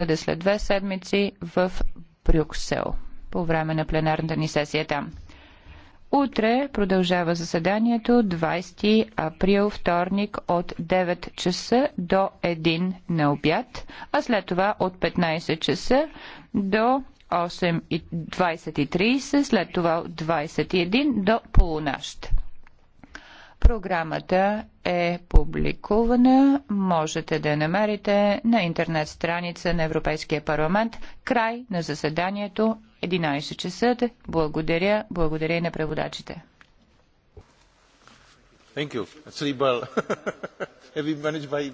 бъде след две седмици в Брюксел по време на пленарната ни сесия там. Утре продължава заседанието 20 април, вторник от 9 часа до 1 на обяд, а след това от 15 часа до 8.20.30, след това от 21 до полунащ. Програмата е публикувана. Можете да я намерите на интернет страница на Европейския парламент. Край на заседанието 11 часа. Благодаря. Благодаря и на преводачите. Thank you.